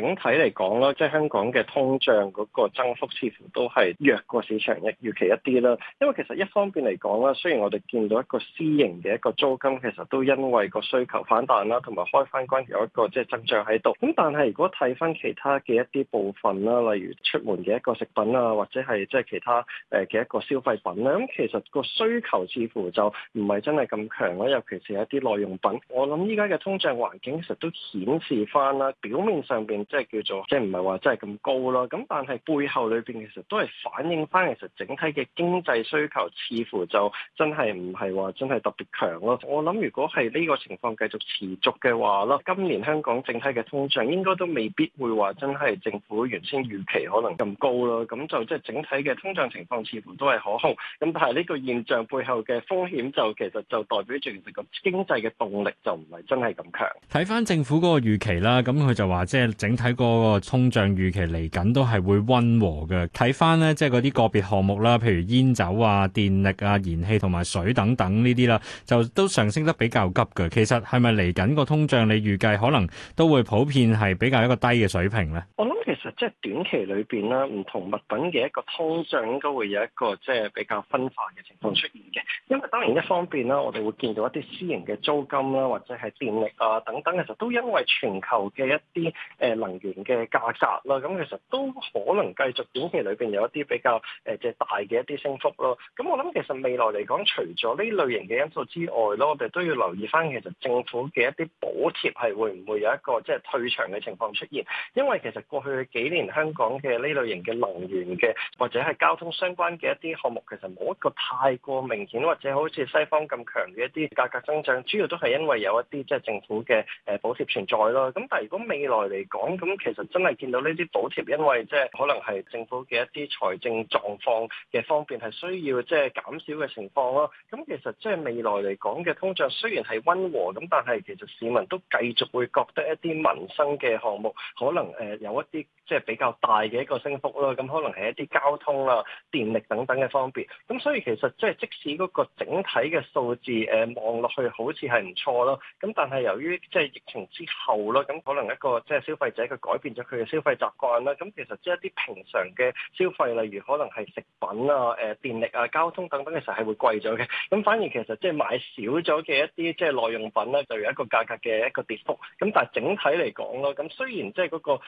整體嚟講咧，即係香港嘅通脹嗰個增幅似乎都係弱過市場嘅預期一啲啦。因為其實一方面嚟講咧，雖然我哋見到一個私營嘅一個租金其實都因為個需求反彈啦，同埋開翻關有一個即係增長喺度。咁但係如果睇翻其他嘅一啲部分啦，例如出門嘅一個食品啊，或者係即係其他誒嘅一個消費品咧，咁其實個需求似乎就唔係真係咁強啦。尤其是一啲耐用品，我諗依家嘅通脹環境其實都顯示翻啦，表面上邊。即係叫做，即係唔係話真係咁高咯。咁但係背後裏邊其實都係反映翻，其實整體嘅經濟需求似乎就真係唔係話真係特別強咯。我諗如果係呢個情況繼續持續嘅話啦，今年香港整體嘅通脹應該都未必會話真係政府原先預期可能咁高咯。咁就即係整體嘅通脹情況似乎都係可控。咁但係呢個現象背後嘅風險就其實就代表住其實個經濟嘅動力就唔係真係咁強。睇翻政府嗰個預期啦，咁佢就話即係整。睇個通脹預期嚟緊都係會溫和嘅。睇翻咧，即係嗰啲個別項目啦，譬如煙酒啊、電力啊、燃氣同埋水等等呢啲啦，就都上升得比較急嘅。其實係咪嚟緊個通脹，你預計可能都會普遍係比較一個低嘅水平咧？我諗其實即係短期裏邊咧，唔同物品嘅一個通脹應該會有一個即係比較分化嘅情況出現嘅。因為當然一方面，啦，我哋會見到一啲私營嘅租金啦，或者係電力啊等等其實都因為全球嘅一啲誒能源嘅價格啦，咁其實都可能繼續短期裏邊有一啲比較誒即係大嘅一啲升幅咯。咁我諗其實未來嚟講，除咗呢類型嘅因素之外咯，我哋都要留意返其實政府嘅一啲補貼係會唔會有一個即係退場嘅情況出現？因為其實過去幾年香港嘅呢類型嘅能源嘅或者係交通相關嘅一啲項目，其實冇一個太過明顯，即係好似西方咁強嘅一啲價格增長，主要都係因為有一啲即係政府嘅誒補貼存在咯。咁但係如果未來嚟講，咁其實真係見到呢啲補貼，因為即係可能係政府嘅一啲財政狀況嘅方面係需要即係減少嘅情況咯。咁其實即係未來嚟講嘅通脹雖然係溫和，咁但係其實市民都繼續會覺得一啲民生嘅項目可能誒有一啲即係比較大嘅一個升幅咯。咁可能係一啲交通啦、電力等等嘅方面。咁所以其實即係即使嗰個整體嘅數字誒望落去好似係唔錯咯，咁但係由於即係疫情之後咯，咁可能一個即係消費者佢改變咗佢嘅消費習慣啦，咁其實即係一啲平常嘅消費，例如可能係食品啊、誒電力啊、交通等等嘅時候係會貴咗嘅，咁反而其實即係買少咗嘅一啲即係耐用品咧，就有一個價格嘅一個跌幅。咁但係整體嚟講咯，咁雖然即係嗰個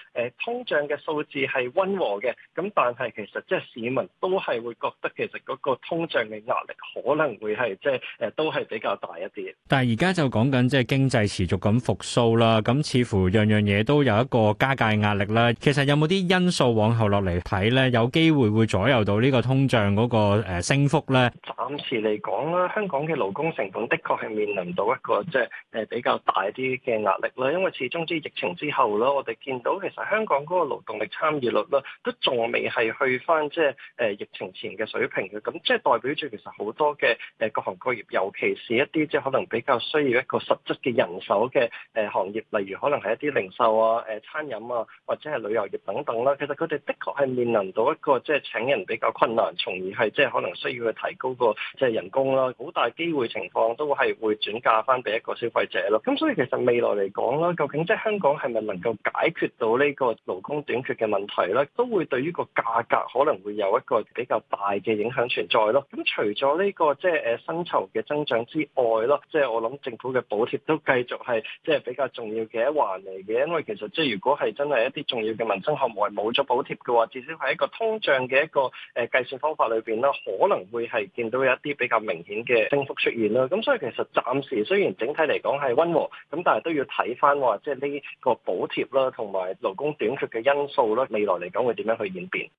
通脹嘅數字係溫和嘅，咁但係其實即係市民都係會覺得其實嗰個通脹嘅壓力可能。會係即係誒，都係比較大一啲。但係而家就講緊即係經濟持續咁復甦啦。咁似乎樣樣嘢都有一個加價壓力啦。其實有冇啲因素往後落嚟睇咧，有機會會左右到呢個通脹嗰個誒升幅咧？今時嚟講啦，香港嘅勞工成本的確係面臨到一個即係誒比較大啲嘅壓力啦。因為始終即疫情之後咯，我哋見到其實香港嗰個勞動力參與率咧都仲未係去翻即係誒疫情前嘅水平嘅。咁即係代表住其實好多嘅誒各行各業，尤其是一啲即係可能比較需要一個實質嘅人手嘅誒、呃、行業，例如可能係一啲零售啊、誒、呃、餐飲啊或者係旅遊業等等啦。其實佢哋的確係面臨到一個即係請人比較困難，從而係即係可能需要去提高個，即係人工啦，好大機會情況都係會轉嫁翻俾一個消費者咯。咁所以其實未來嚟講啦，究竟即係香港係咪能夠解決到呢個勞工短缺嘅問題咧，都會對於個價格可能會有一個比較大嘅影響存在咯。咁除咗呢個即係誒薪酬嘅增長之外咯，即係我諗政府嘅補貼都繼續係即係比較重要嘅一環嚟嘅，因為其實即係如果係真係一啲重要嘅民生項目係冇咗補貼嘅話，至少喺一個通脹嘅一個誒計算方法裏邊啦，可能會係見到。會有一啲比較明顯嘅升幅出現啦，咁所以其實暫時雖然整體嚟講係溫和，咁但係都要睇返話即係呢個補貼啦，同埋勞工短缺嘅因素啦，未來嚟講會點樣去演變？